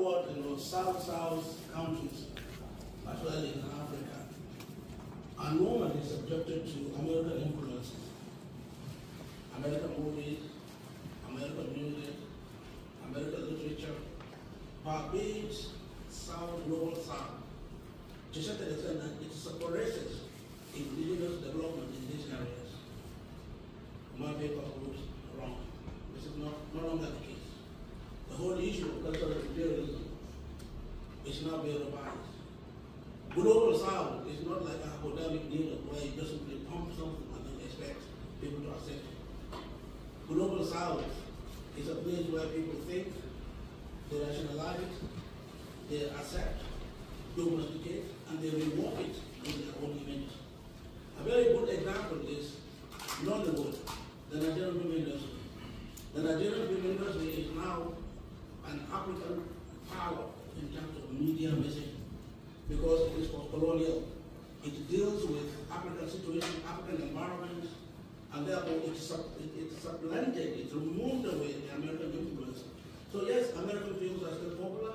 North South South countries, particularly in Africa, are normally subjected to American influences. American movies, American music, American literature, being South Global South. To such an extent that it separates indigenous development in these areas. My paper was wrong. This is not, no longer the case. The whole issue of cultural imperialism is not being revised. Global South is not like a academic needle where you just simply pump something and then expect people to accept it. Global South is a place where people think, they rationalize, they accept, domesticate, and they reward it in their own image. A very good example is Nollywood, the Nigerian film industry. The Nigerian film industry is now an African power in terms of media vision because it is post-colonial. It deals with African situation, African environment, and therefore it, sub, it, it supplanted, it removed away the American influence. So yes, American films are still popular,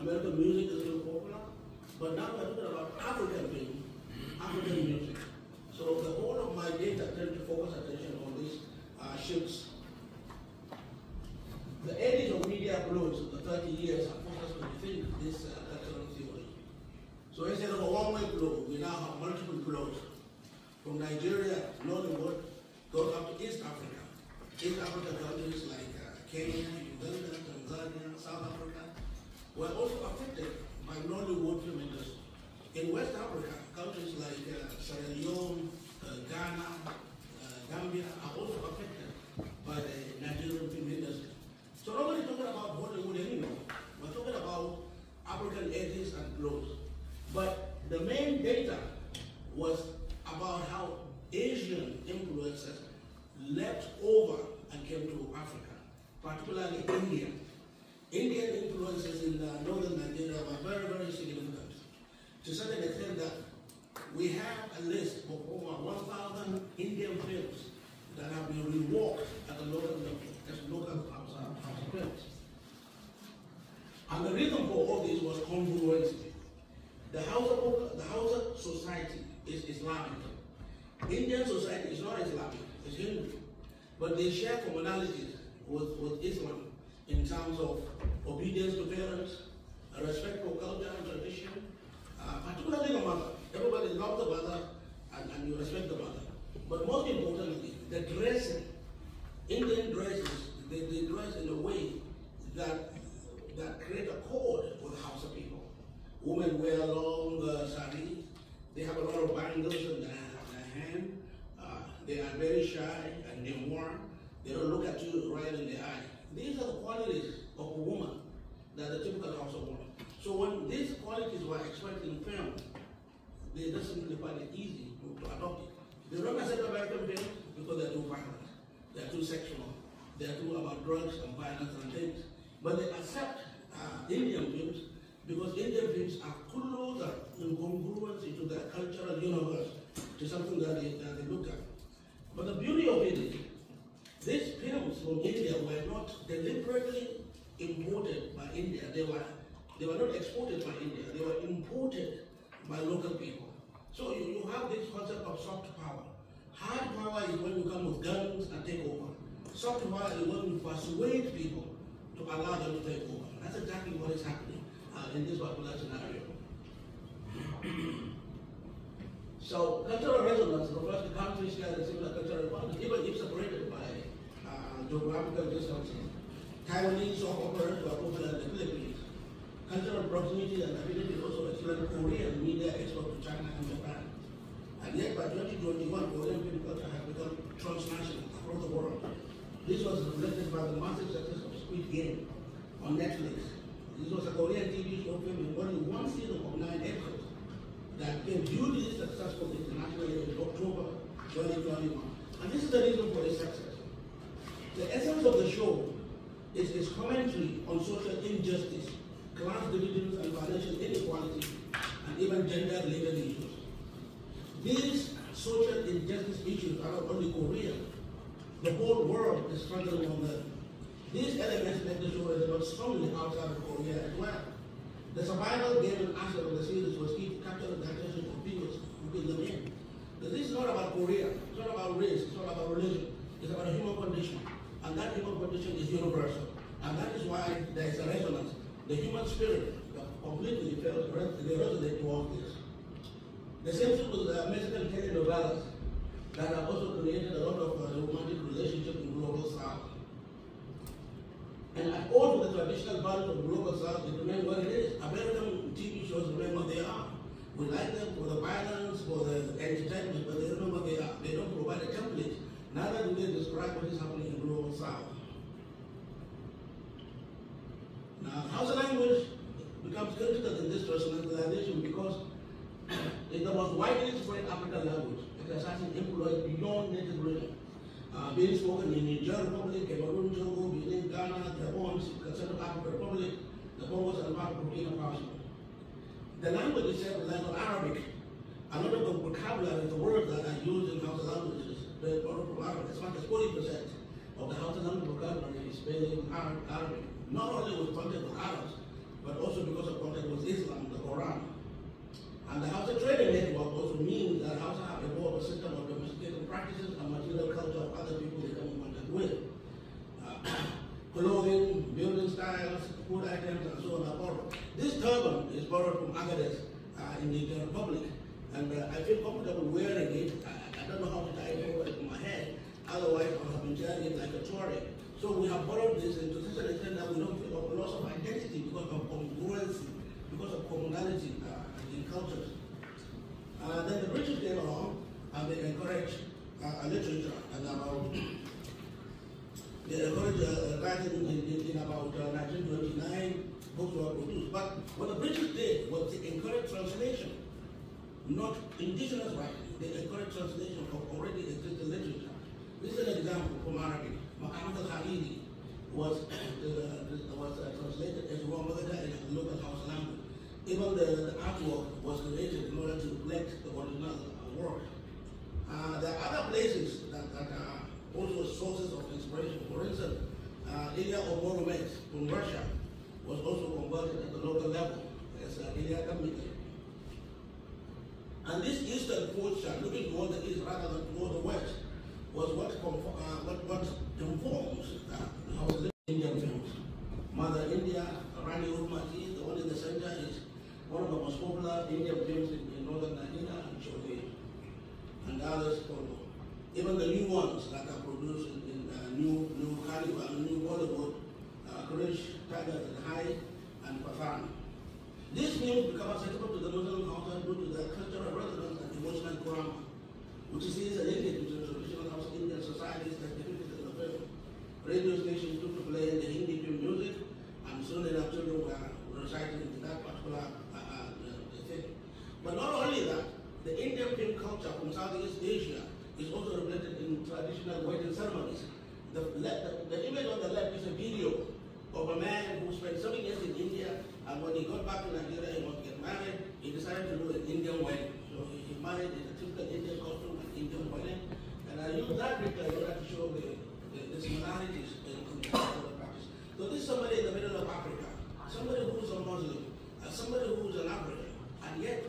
American music is still popular, but now we're talking about African film, African music. So the whole of my data tend to focus attention on these uh, shifts their blows for 30 years and forced us to defend this uh, cultural theory. So instead of a one-way blow, we now have multiple blows from Nigeria, Northern World, goes up to East Africa. East African countries like uh, Kenya, Uganda, Tanzania, South Africa were also affected by northern reward film industry. In West Africa, countries like uh, Sierra Leone, uh, Ghana, uh, Gambia are also affected by the Nigerian film industry. So nobody's talking about Hollywood anymore. We're talking about African edges and growth. But the main data was about how Asian influences left over and came to Africa, particularly India. Indian influences in northern Nigeria were very, very significant. To such extent that we have a list of over 1,000 Indian films that have been reworked at the local level as local and the reason for all this was congruency. The Hausa, the Hausa society is Islamic. Indian society is not Islamic, it's Hindu. But they share commonalities with, with Islam in terms of obedience to parents, respect for culture and tradition, uh, particularly the mother. Everybody loves the mother and, and you respect the mother. But most importantly, the dressing. Indian dresses they, they dress in a way that that create a code for the house of people. Women wear long uh, saris. They have a lot of bangles in their, their hand. Uh, they are very shy and they warm. They don't look at you right in the eye. These are the qualities of a woman that the typical house of woman. So when these qualities were expressed in film, they just not find it easy to, to adopt it. They don't accept American film because they're too violent. They're too sexual. They are talking about drugs and violence and things. But they accept uh, Indian films because Indian films are closer in congruency to their cultural universe, to something that they, that they look at. But the beauty of it is, these films from India were not deliberately imported by India. They were, they were not exported by India. They were imported by local people. So you, you have this concept of soft power. Hard power is when you come with guns and take over subdivide and want to persuade people to allow them to take over. That's exactly what is happening uh, in this particular scenario. so cultural resonance refers to countries sharing a similar cultural environment, even if separated by uh, geographical distances. Taiwanese operators were popular in the Philippines. Cultural proximity and affinity also explain Korean media export to China and Japan. And yet by 2021, Korean people culture has become transnational across the world. This was reflected by the massive success of Squid Game on Netflix. This was a Korean TV show film in only one season of nine episodes that became hugely successful internationally in October 2021. And this is the reason for its success. The essence of the show is its commentary on social injustice, class divisions and financial inequality, and even gender-related issues. These social injustice issues are not the whole world is struggling on that. These elements make the show is about strongly outside of Korea as well. The survival and aspect of the series was key to capture the attention of people who build them in. this is not about Korea, it's not about race, it's not about religion, it's about a human condition. And that human condition is universal. And that is why there is a resonance. The human spirit completely fails to resonate all this. The same thing with the Mexican telenovelas. That have also created a lot of uh, romantic relationships in global south. And at all the traditional values of global south, they remain what it is. American TV shows remain what they are. We like them for the violence, for the entertainment, but they don't know what they are. They don't provide a template. Neither do they describe what is happening in global south. Now, the language becomes critical in this rationalization because the most widely spread African language because I think employed beyond native region. Uh, being spoken in Niger Republic, Cameroon, Togo, Benin, Ghana, Gabon, Central African Republic, the Congos, and Marco Burkina Faso. The language itself is Arabic. A lot of the vocabulary, the words that are used in Hausa languages, they borrowed from Arabic. As much as 40% of the Hausa language vocabulary is based in Arabic. Not only with contact with Arabs, but also because of contact with Islam, the Quran. And the house of trading network also means that Hausa have evolved a system of domesticated practices and material culture of other people they come in contact with. Uh, clothing, building styles, food items, and so on and forth. This turban is borrowed from Agadez uh, in the Indian Republic. And uh, I feel comfortable wearing it. I, I don't know how to tie it over my head. Otherwise, I would have been wearing it like a Tory. So we have borrowed this and to such an extent that we don't feel a loss of identity because of congruency, because of commonality. Uh, encountered. And uh, then the British came along and they encouraged uh, literature and about they encouraged uh, writing in, in about uh, 1929 books were produced. But what the British did was they encouraged translation, not indigenous writing. They encouraged translation of already existing literature. This is an example from Arabic. Muhammad al was, uh, was uh, translated as Muhammad in the local house language. Even the, the, artwork was created in order to reflect the original work. Uh, there are other places that, that, are also sources of inspiration. For instance, uh, of Oboromet from Russia was also converted at the local level as uh, Ilya Committee. And this eastern culture, looking toward the east rather than toward the west, was what, uh, what, what informs uh, that Another India brings in northern Nigeria and Chile, and others follow. Even the new ones that are produced in uh, new new caliber, new Bollywood, uh, British tigers and high and Pafan. These names become acceptable to the northern culture due to their cultural relevance and emotional grammar, which is easily linked to the. traditional wedding ceremonies. The, the, the image on the left is a video of a man who spent seven years in India, and when he got back to Nigeria he wanted to get married, he decided to do an Indian wedding. So he married in a typical Indian costume, an Indian wedding. And I use that picture in order to show the, the, the similarities in the practice. So this is somebody in the middle of Africa, somebody who's a Muslim, and somebody who's an African, and yet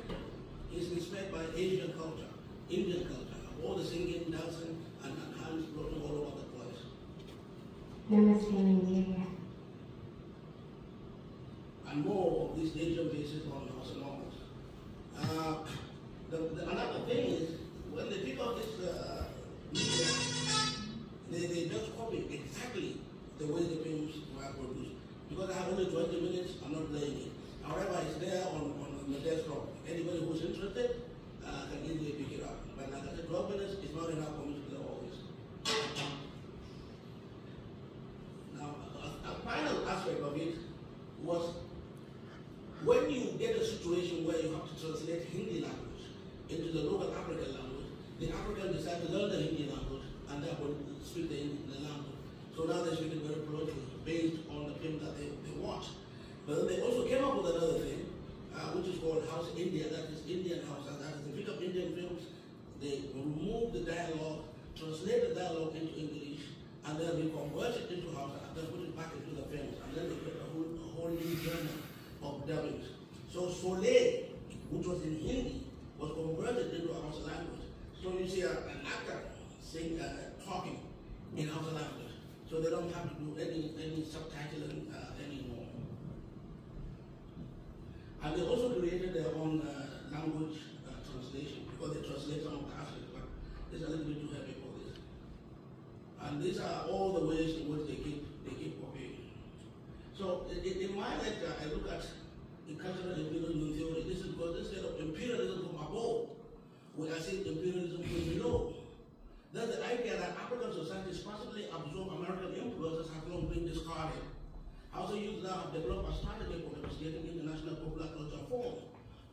he's inspired by Asian culture, Indian culture, all the singing, dancing, And more of these databases on osmosis. Uh, the, the, another thing is, when they pick up this uh, media, they, they just copy exactly the way the films were produced. Because I have only 20 minutes, I'm not playing it. However, it's there on, on, on the desktop. Anybody who's interested uh, can easily pick it up. But like I said, 12 minutes is not enough for me African language. The Africans decided to learn the Hindi language and they would speak the Hindi language. So now they speak it very colloquially based on the film that they, they watch. But then they also came up with another thing, uh, which is called House India, that is Indian House, and that is they pick up Indian films, they remove the dialogue, translate the dialogue into English, and then they convert it into House, and then put it back into the films, and then they create a whole, a whole new genre of dubbing. So Soleil, which was in Hindi, was converted into our language. So you see an actor sing, uh, uh talking in our language. So they don't have to do any, any subtitling uh, anymore. And they also created their own uh, language uh, translation because they translate some of the aspects, but it's a little bit too heavy for this. And these are all the ways in which they keep, they keep copying. So in, in my lecture, I look at the cultural imperialism. theory. This is because instead of imperialism from above, when I say imperialism from below. That the idea that African societies possibly absorb American influences has long been discarded. Also, use that have developed a strategy for investigating international popular culture forms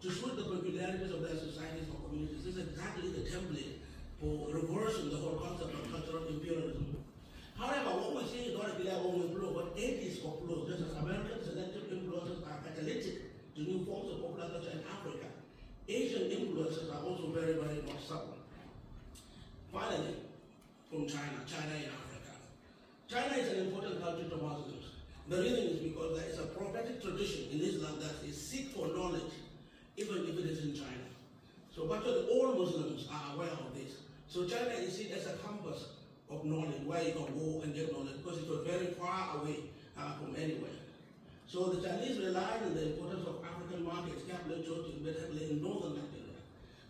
to suit the peculiarities of their societies or communities. This is exactly the template for reversing the whole concept of cultural imperialism. However, what we're not in North Korea overflow, but atheists overflow, just as American selective influences are catalytic to new forms of popular culture in Africa. Asian influences are also very, very much subtle. Finally, from China, China in Africa. China is an important country to Muslims. The reason is because there is a prophetic tradition in Islam that is seek for knowledge, even if it is in China. So virtually all Muslims are aware of this. So China is seen as a compass of knowledge, where you can go and get knowledge, because it was very far away uh, from anywhere. So the Chinese relied on the importance of African markets, capital churches, but in northern Nigeria,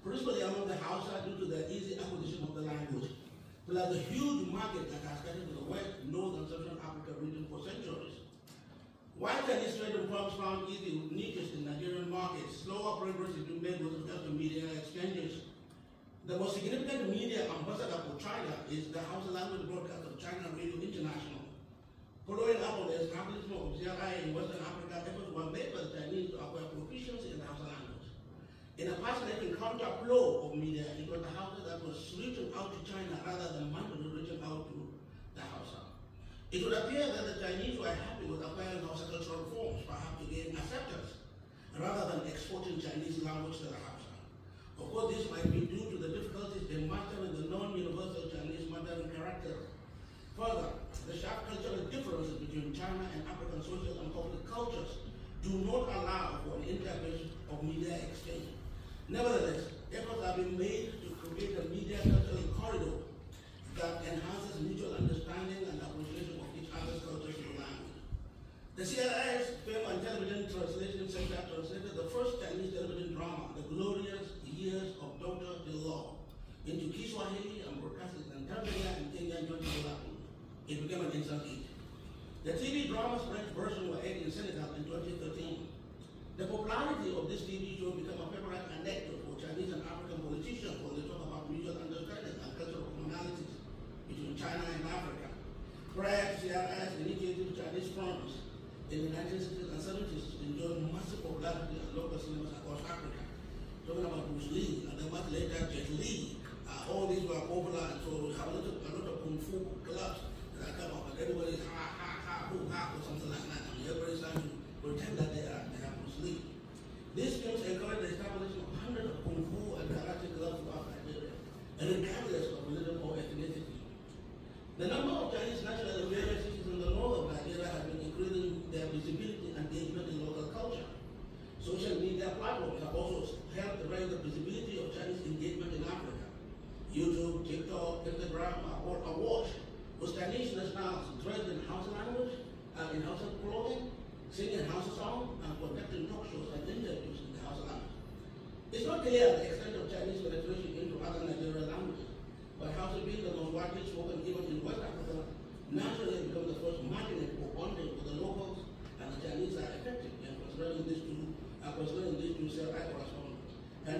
principally among the Hausa due to the easy acquisition of the language. Plus the huge market that has carried to the west, north, and central Africa region for centuries. Why Chinese trading firms found easy niches in Nigerian markets, slower progress into made with to media exchanges, the most significant media ambassador for China is the House Language Broadcast of China Radio International. Following up on the establishment of CRI in Western Africa, efforts were made by the Chinese to acquire proficiency in the Hausa language. In a fascinating counterflow of media, it was the House that was reaching out to China rather than Mandarin reaching out to the House. It would appear that the Chinese were happy with acquiring Hausa cultural forms, perhaps to gain acceptance, rather than exporting Chinese language to the of course, this might be due to the difficulties they master in the non-universal Chinese Mandarin characters. Further, the sharp cultural differences between China and African social and cultural cultures do not allow for an integration of media exchange. Nevertheless, efforts have been made cinemas across Africa. Talking about Bruce Lee, and then much later Jet Lee. Uh, all these were popular, and so we have a lot of, a lot of kung fu clubs that come up, and everybody's ha, ha, ha, boom, ha, or something like that. I mean, everybody's to pretend that they are, they are Bruce Lee. These films encourage the establishment of hundreds of kung fu and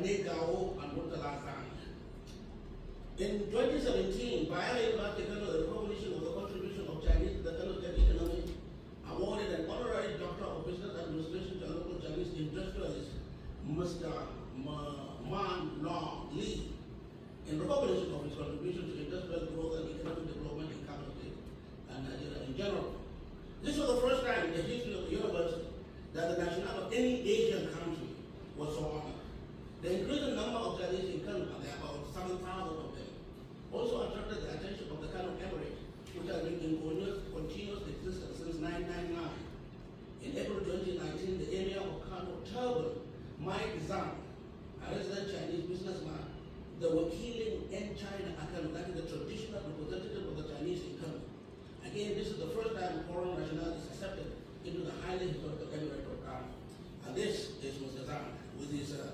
Negao and In 2017, by the invitation of recognition of the contribution of Chinese to the Canadian economy, awarded an honorary Doctor of Business Administration to local Chinese industrialist, Mr. Ma Man Long Li, in recognition of his contribution to industrial growth and economic development in Canada and Nigeria in general. This was the first time in the history of the universe that the national of any Asian country was so honored. The increasing number of Chinese in Canada, there are about 7,000 of them, also attracted the attention of the Canada Emirate, which has been in continuous existence since 1999. In April 2019, the area of Kano Turban, Mike Zhang, a resident Chinese businessman, the Wakiling in China Akano, that is the traditional representative of the Chinese in Again, this is the first time foreign nationality is accepted into the highly historical emirate of Kano. And this is Mr. Zhang with his uh,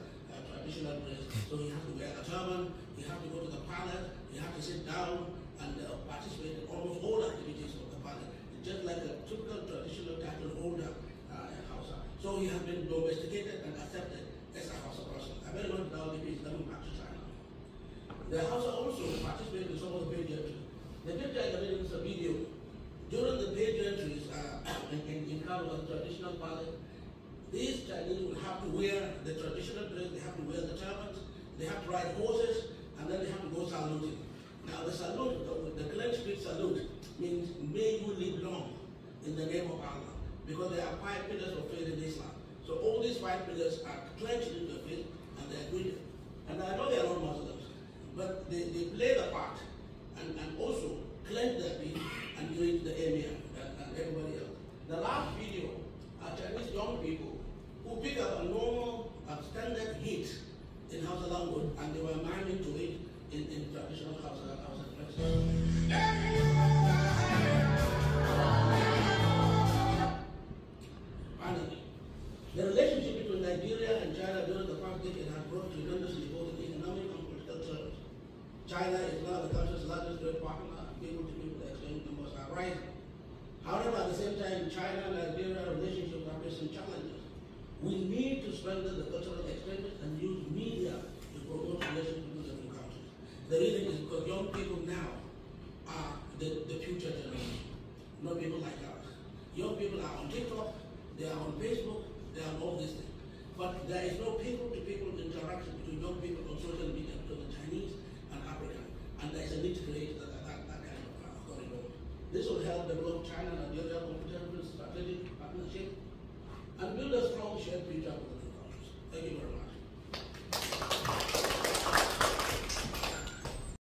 so he has to wear a turban, he has to go to the palace, he has to sit down and uh, participate in almost all activities of the palace, just like a typical traditional title holder uh, in Hausa. So he has been domesticated and accepted as a Hausa person. I very much doubt if he's coming back to China. The Hausa also participated in some of the pageantry. The picture I the you is a video. During the pageantries uh, in, in, in Kano, the traditional palace, these Chinese will have to wear the traditional dress, they have to wear the turbans, they have to ride horses, and then they have to go saluting. Now the salute, the, the clenched fist salute, means may you live long in the name of Allah. Because there are five pillars of faith in Islam. So all these five pillars are clenched in the fist, and they are doing it. And I know they are not Muslims, but they, they play the part and, and also clench their feet and do it the emir and, uh, and everybody else. The last video our Chinese young people who picked up a normal standard heat in Hausa language and they were married to it in, in traditional Hausa, Hausa Finally, the relationship between Nigeria and China during the conflict has grown tremendously both in economic and political terms. China is now the country's largest trade partner, people-to-people exchange numbers are rising. However, at the same time, China-Nigeria relationships are facing challenges we need to strengthen the cultural exchange and use media to promote relations between the two countries. The reason is because young people now are the, the future generation, not people like us. Young people are on TikTok, they are on Facebook, they are on all these things. But there is no people-to-people -people interaction between young people on social media between the Chinese and African. And there is a need to create that, that, that kind of corridor. Uh, this will help develop China and the other competitive strategic partnership and build a strong shared future for the two countries. Thank you very much.